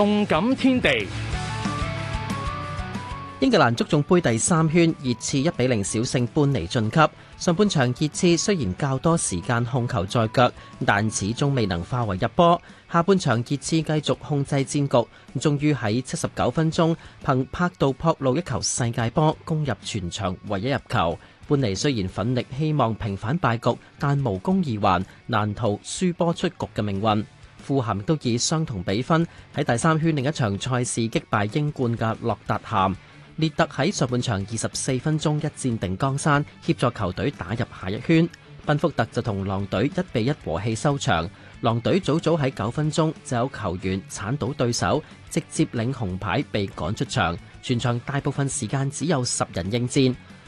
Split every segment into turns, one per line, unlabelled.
動感天地，英格蘭足總盃第三圈，熱刺一比零小勝般尼晉級。上半場熱刺雖然較多時間控球在腳，但始終未能化為入波。下半場熱刺繼續控制戰局，終於喺七十九分鐘憑拍到撲路一球世界波，攻入全場唯一入球。般尼雖然奮力希望平反敗局，但無功而還，難逃輸波出局嘅命運。富咸都以相同比分喺第三圈另一場賽事擊敗英冠嘅洛達咸。列特喺上半場二十四分鐘一戰定江山，協助球隊打入下一圈。賓福特就同狼隊一比一和氣收場，狼隊早早喺九分鐘就有球員鏟倒對手，直接領紅牌被趕出場，全場大部分時間只有十人應戰。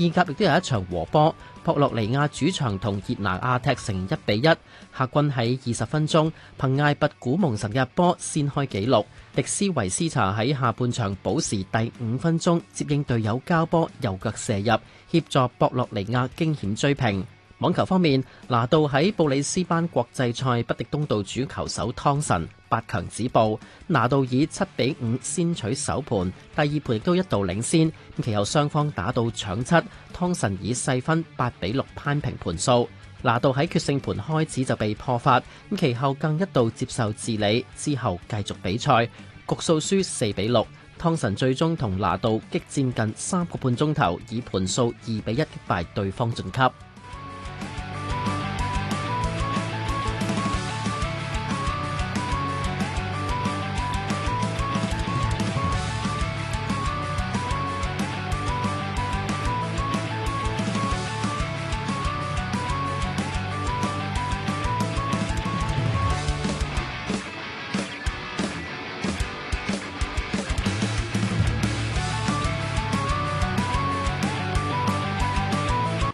意甲亦都有一場和波，博洛尼亞主場同熱拿亞踢成一比一。客軍喺二十分鐘憑艾拔古蒙十一波先開紀錄，迪斯維斯查喺下半場補時第五分鐘接應隊友交波右腳射入，協助博洛尼亞驚險追平。網球方面，拿度喺布里斯班國際賽不敵東道主球手湯神八強止步。拿度以七比五先取首盤，第二盤亦都一度領先，其後雙方打到搶七，湯神以細分八比六攀平盤數。拿度喺決勝盤開始就被破發，咁其後更一度接受治理，之後繼續比賽，局數輸四比六，湯神最終同拿度激戰近三個半鐘頭，以盤數二比一擊敗對方晉級。